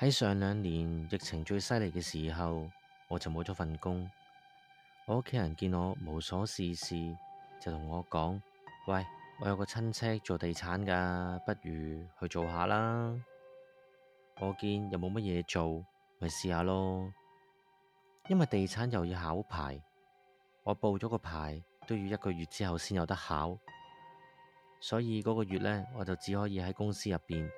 喺上兩年疫情最犀利嘅時候，我就冇咗份工。我屋企人見我無所事事，就同我講：「喂，我有個親戚做地產㗎，不如去做下啦。」我見又冇乜嘢做，咪試下咯。因為地產又要考牌，我報咗個牌都要一個月之後先有得考，所以嗰個月呢，我就只可以喺公司入邊。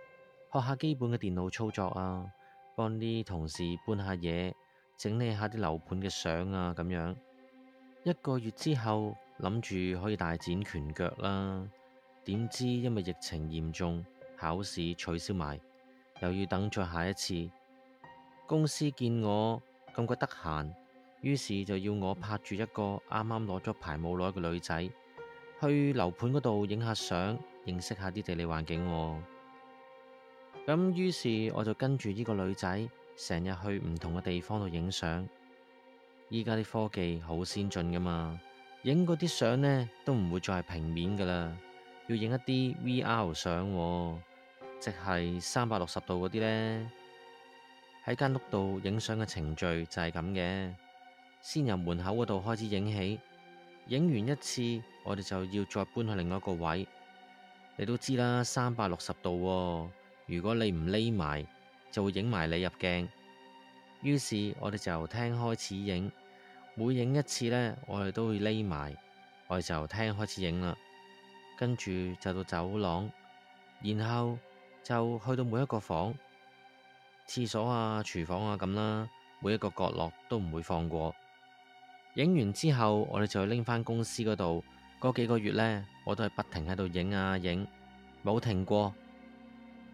學下基本嘅電腦操作啊，幫啲同事搬下嘢，整理下啲樓盤嘅相啊，咁樣一個月之後諗住可以大展拳腳啦。點知因為疫情嚴重，考試取消埋，又要等再下一次。公司見我咁鬼得閒，於是就要我拍住一個啱啱攞咗牌冇耐嘅女仔去樓盤嗰度影下相，認識下啲地理環境啊。咁於是我就跟住呢個女仔，成日去唔同嘅地方度影相。依家啲科技好先進㗎嘛，影嗰啲相呢，都唔會再係平面㗎喇，要影一啲 VR 相喎，即係三百六十度嗰啲呢。喺間屋度影相嘅程序就係咁嘅，先由門口嗰度開始影起，影完一次，我哋就要再搬去另外一個位。你都知啦，三百六十度喎。如果你唔匿埋，就會影埋你入鏡。於是我哋就廳開始影，每影一次呢，我哋都會匿埋，我哋就廳開始影啦。跟住就到走廊，然後就去到每一個房、廁所啊、廚房啊咁啦，每一個角落都唔會放過。影完之後，我哋就拎返公司嗰度。嗰幾個月呢，我都係不停喺度影啊影，冇停過。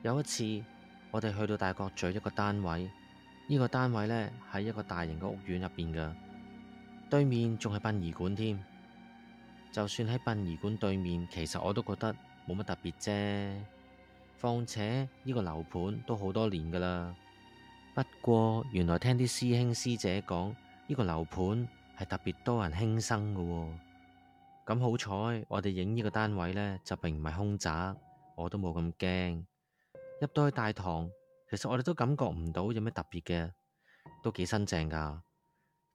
有一次，我哋去到大角咀一個單位，呢個單位呢，喺一個大型嘅屋苑入邊嘅，對面仲係殯儀館添。就算喺殯儀館對面，其實我都覺得冇乜特別啫。況且呢個樓盤都好多年噶啦。不過原來聽啲師兄師姐講，呢個樓盤係特別多人輕生嘅喎。咁好彩，我哋影呢個單位呢，就並唔係空宅，我都冇咁驚。入到去大堂，其實我哋都感覺唔到有咩特別嘅，都幾新淨噶。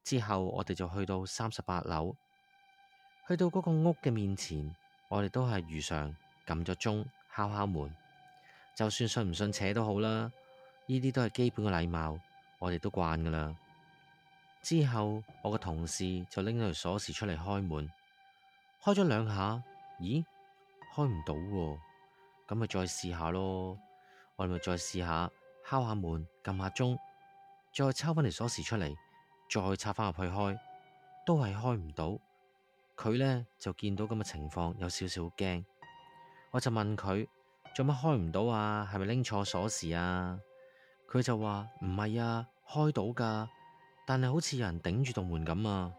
之後我哋就去到三十八樓，去到嗰個屋嘅面前，我哋都係如常撳咗鐘、敲敲門，就算信唔信邪都好啦。呢啲都係基本嘅禮貌，我哋都慣噶啦。之後我個同事就拎咗條鎖匙出嚟開門，開咗兩下，咦？開唔到喎，咁咪再試下咯。我咪再試下敲下門、撳下鐘，再抽翻條鎖匙出嚟，再插翻入去開，都係開唔到。佢呢，就見到咁嘅情況，有少少驚。我就問佢做乜開唔到啊？係咪拎錯鎖匙啊？佢就話唔係啊，開到噶，但係好似有人頂住道門咁啊。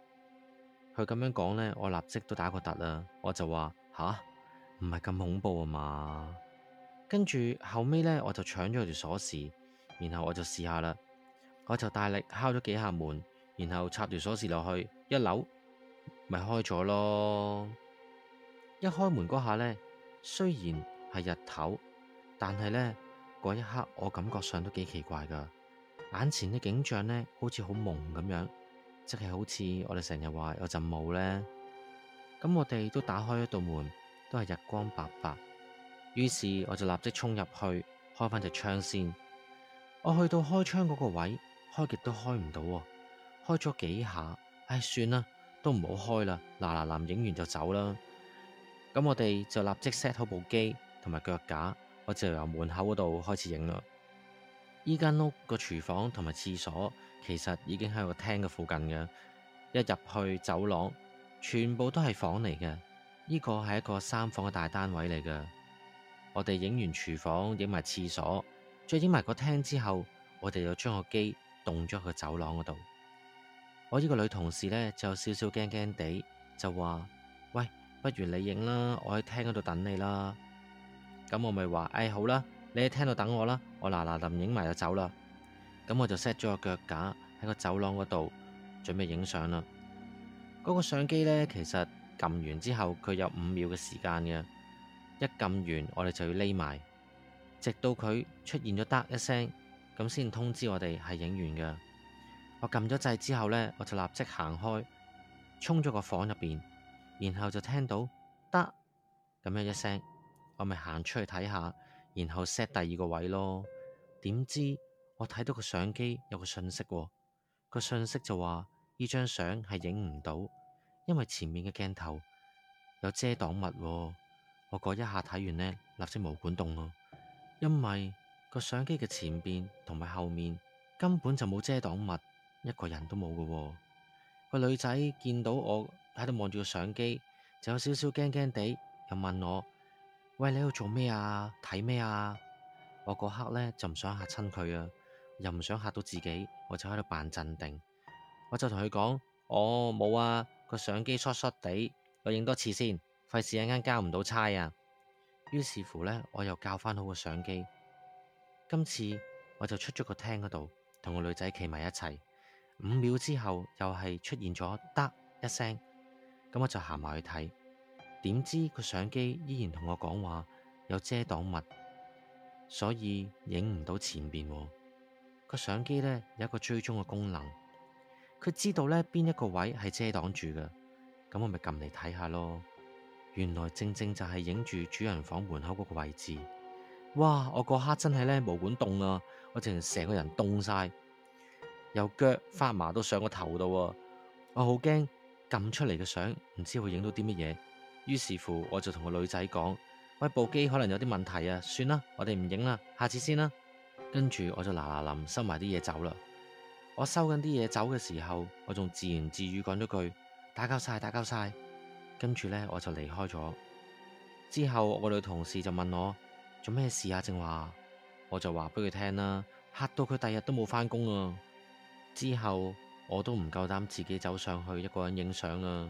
佢咁樣講呢，我立即都打過突啦。我就話吓，唔係咁恐怖啊嘛。跟住後尾呢，我就搶咗條鎖匙，然後我就試下啦。我就大力敲咗幾下門，然後插條鎖匙落去，一扭咪開咗咯。一開門嗰下呢，雖然係日頭，但係呢嗰一刻我感覺上都幾奇怪噶。眼前嘅景象呢，好似好朦咁樣，即係好似我哋成日話有陣霧呢。咁我哋都打開咗一道門，都係日光白白。於是我就立即衝入去開翻隻窗先。我去到開窗嗰個位，開極都開唔到喎。開咗幾下，唉，算啦，都唔好開啦。嗱嗱嗱，影完就走啦。咁我哋就立即 set 好部機同埋腳架，我就由門口嗰度開始影啦。依間屋個廚房同埋廁所其實已經喺個廳嘅附近嘅。一入去走廊，全部都係房嚟嘅。呢個係一個三房嘅大單位嚟嘅。我哋影完廚房，影埋廁所，再影埋個廳之後，我哋就將個機動咗去走廊嗰度。我呢個女同事呢，就有少少驚驚地，就話，喂，不如你影啦，我喺廳嗰度等你啦。咁我咪話，哎，好啦，你喺廳度等我啦。我嗱嗱臨影埋就走啦。咁我就 set 咗個腳架喺個走廊嗰度，準備影相啦。嗰個相機呢，其實撳完之後，佢有五秒嘅時間嘅。一撳完，我哋就要匿埋，直到佢出現咗得一聲，咁先通知我哋係影完㗎。我撳咗掣之後呢，我就立即行開，衝咗個房入邊，然後就聽到得咁樣一聲，我咪行出去睇下，然後 set 第二個位咯。點知我睇到個相機有個信息喎，個信息就話呢張相係影唔到，因為前面嘅鏡頭有遮擋物喎。我嗰一下睇完呢，立即毛管戙咯，因為個相機嘅前面同埋後面根本就冇遮擋物，一個人都冇嘅。個、啊、女仔見到我喺度望住個相機，就有少少驚驚地，又問我：喂，你喺度做咩啊？睇咩啊？我嗰刻呢，就唔想吓親佢啊，又唔想吓到自己，我就喺度扮鎮定，我就同佢講：，哦，冇啊，個相機 short short 地，我影多次先。費事一陣間交唔到差啊！於是乎呢，我又較翻好個相機。今次我就出咗個廳嗰度，同個女仔企埋一齊。五秒之後，又係出現咗嗒一聲。咁我就行埋去睇，點知個相機依然同我講話有遮擋物，所以影唔到前邊。個相機呢，有一個追蹤嘅功能，佢知道呢邊一個位係遮擋住嘅。咁我咪撳嚟睇下咯。原來正正就係影住主人房門口嗰個位置，哇！我嗰刻真係咧冇管凍啊，我成成個人凍晒，由腳發麻到上個頭度，我好驚撳出嚟嘅相唔知會影到啲乜嘢。於是乎，我就同個女仔講：喂，部機可能有啲問題啊，算啦，我哋唔影啦，下次先啦。跟住我就嗱嗱淋收埋啲嘢走啦。我收緊啲嘢走嘅時候，我仲自言自語講咗句：打攪晒，打攪晒。跟住呢，我就離開咗。之後，我女同事就問我做咩事啊？正話，我就話俾佢聽啦，嚇到佢第日都冇返工啊。之後，我都唔夠膽自己走上去一個人影相啊。